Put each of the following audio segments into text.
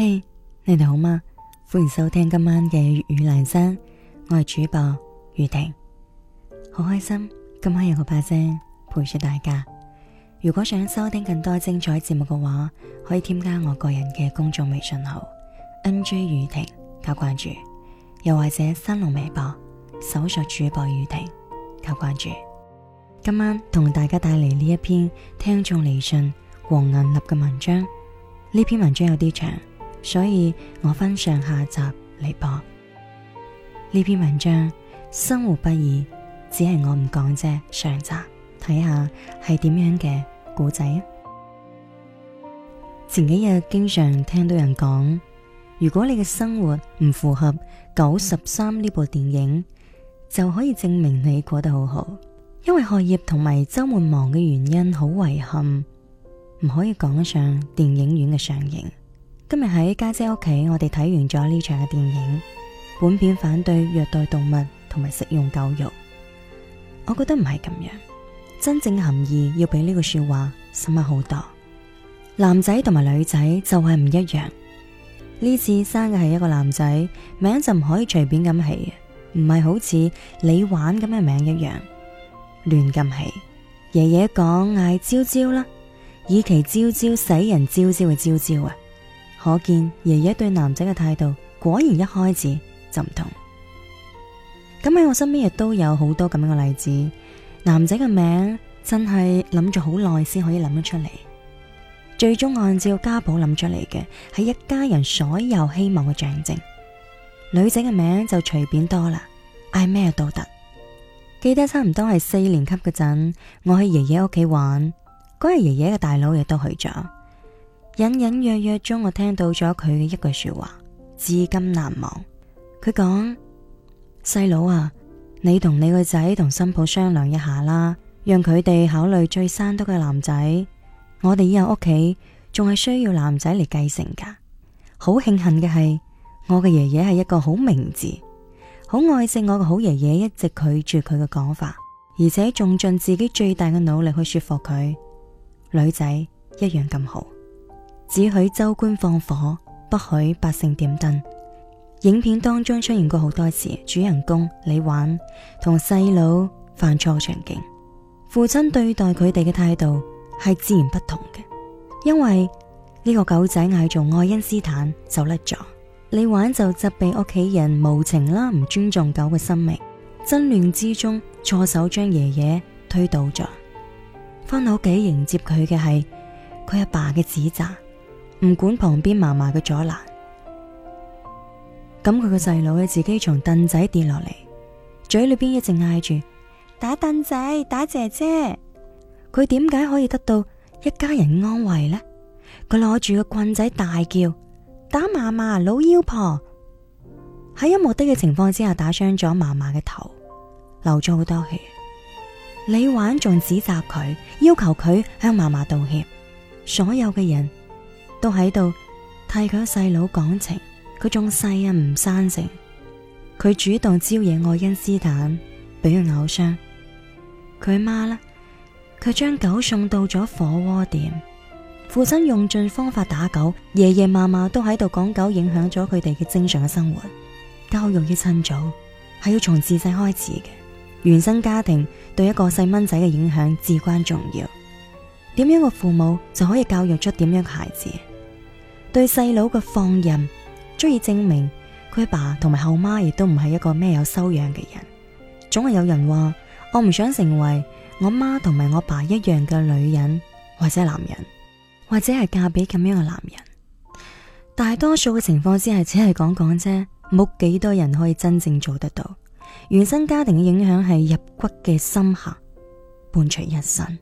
嘿，hey, 你哋好嗎？歡迎收聽今晚嘅粵語靚聲，我係主播雨婷，好開心今晚有個把聲陪住大家。如果想收聽更多精彩節目嘅話，可以添加我個人嘅公眾微信號 nj 雨婷加關注，又或者新浪微博搜索主播雨婷加關注。今晚同大家帶嚟呢一篇聽眾嚟信王銀立嘅文章，呢篇文章有啲長。所以我分上下集嚟播呢篇文章。生活不易，只係我唔講啫。上集睇下係點樣嘅故仔啊！前幾日經常聽到人講，如果你嘅生活唔符合狗十三呢部電影，就可以證明你過得好好。因為學業同埋周末忙嘅原因，好遺憾唔可以趕上電影院嘅上映。今日喺家姐屋企，我哋睇完咗呢場嘅電影。本片反對虐待動物同埋食用狗肉，我覺得唔係咁樣。真正含義要比呢個說話深刻好多。男仔同埋女仔就係唔一樣。呢次生嘅係一個男仔，名就唔可以隨便咁起，唔係好似李玩咁嘅名一樣亂咁起。爺爺講嗌昭昭啦，以其昭昭使人昭昭嘅昭昭啊！可見，爺爺對男仔嘅態度果然一開始就唔同。咁喺我身邊亦都有好多咁樣嘅例子。男仔嘅名真係諗咗好耐先可以諗得出嚟，最終按照家譜諗出嚟嘅係一家人所有希望嘅象徵。女仔嘅名就隨便多啦，嗌咩都得。記得差唔多係四年級嗰陣，我去爺爺屋企玩，嗰日爺爺嘅大佬亦都去咗。隱隱約約中，隆隆隆隆我聽到咗佢嘅一句說話，至今難忘。佢講，細佬啊，你同你個仔同新抱商量一下啦，讓佢哋考慮再生多個男仔。我哋以後屋企仲係需要男仔嚟繼承噶。好慶幸嘅係，我嘅爺爺係一個好明智、好愛惜我嘅好爺爺，一直拒絕佢嘅講法，而且仲盡自己最大嘅努力去說服佢。女仔一樣咁好。只許州官放火，不許百姓點燈。影片當中出現過好多次，主人公李玩同細佬犯錯場景，父親對待佢哋嘅態度係截然不同嘅。因為呢個狗仔嗌做愛因斯坦走甩咗，李玩就責備屋企人無情啦，唔尊重狗嘅生命。爭亂之中，錯手將爺爺推倒咗，翻屋企迎接佢嘅係佢阿爸嘅指責。唔管旁邊嫲嫲嘅阻攔，咁佢個細佬嘅自己從凳仔跌落嚟，嘴裏邊一直嗌住打凳仔打姐姐。佢點解可以得到一家人安慰呢？佢攞住個棍仔大叫打嫲嫲老妖婆，喺有目的嘅情況之下打傷咗嫲嫲嘅頭，流咗好多血。李玩仲指責佢，要求佢向嫲嫲道歉。所有嘅人，都喺度替佢細佬講情，佢仲細啊，唔生性，佢主動招惹愛因斯坦，俾佢咬傷。佢媽啦，佢將狗送到咗火鍋店，父親用盡方法打狗，爺爺嫲嫲都喺度講狗影響咗佢哋嘅正常嘅生活。教育要趁早，係要從自細開始嘅。原生家庭對一個細蚊仔嘅影響至關重要。點樣個父母就可以教育出點樣嘅孩子？對細佬嘅放任，足以證明佢爸同埋後媽亦都唔係一個咩有修養嘅人。總係有人話：我唔想成為我媽同埋我爸一樣嘅女人，或者男人，或者係嫁俾咁樣嘅男人。大多數嘅情況之下只係講講啫，冇幾多人可以真正做得到。原生家庭嘅影響係入骨嘅深刻，伴隨一生。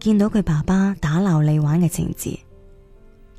見到佢爸爸打鬧李玩嘅情節。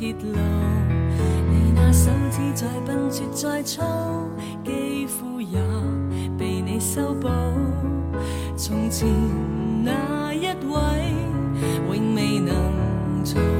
揭露你那手指再笨拙再粗，肌膚也被你修補。從前那一位，永未能做。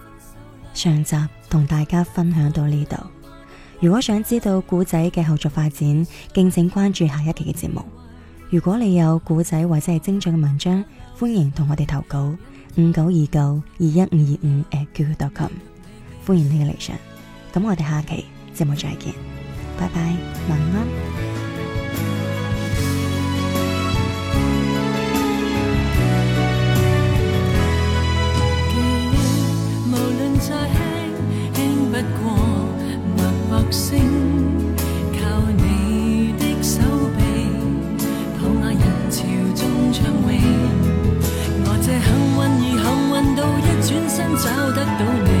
上集同大家分享到呢度，如果想知道古仔嘅後續發展，敬請關注下一期嘅節目。如果你有古仔或者係精彩嘅文章，歡迎同我哋投稿五九二九二一五二五 @QQ.com 歡迎你嘅嚟上。咁我哋下期節目再見，拜拜，晚安。找得到你。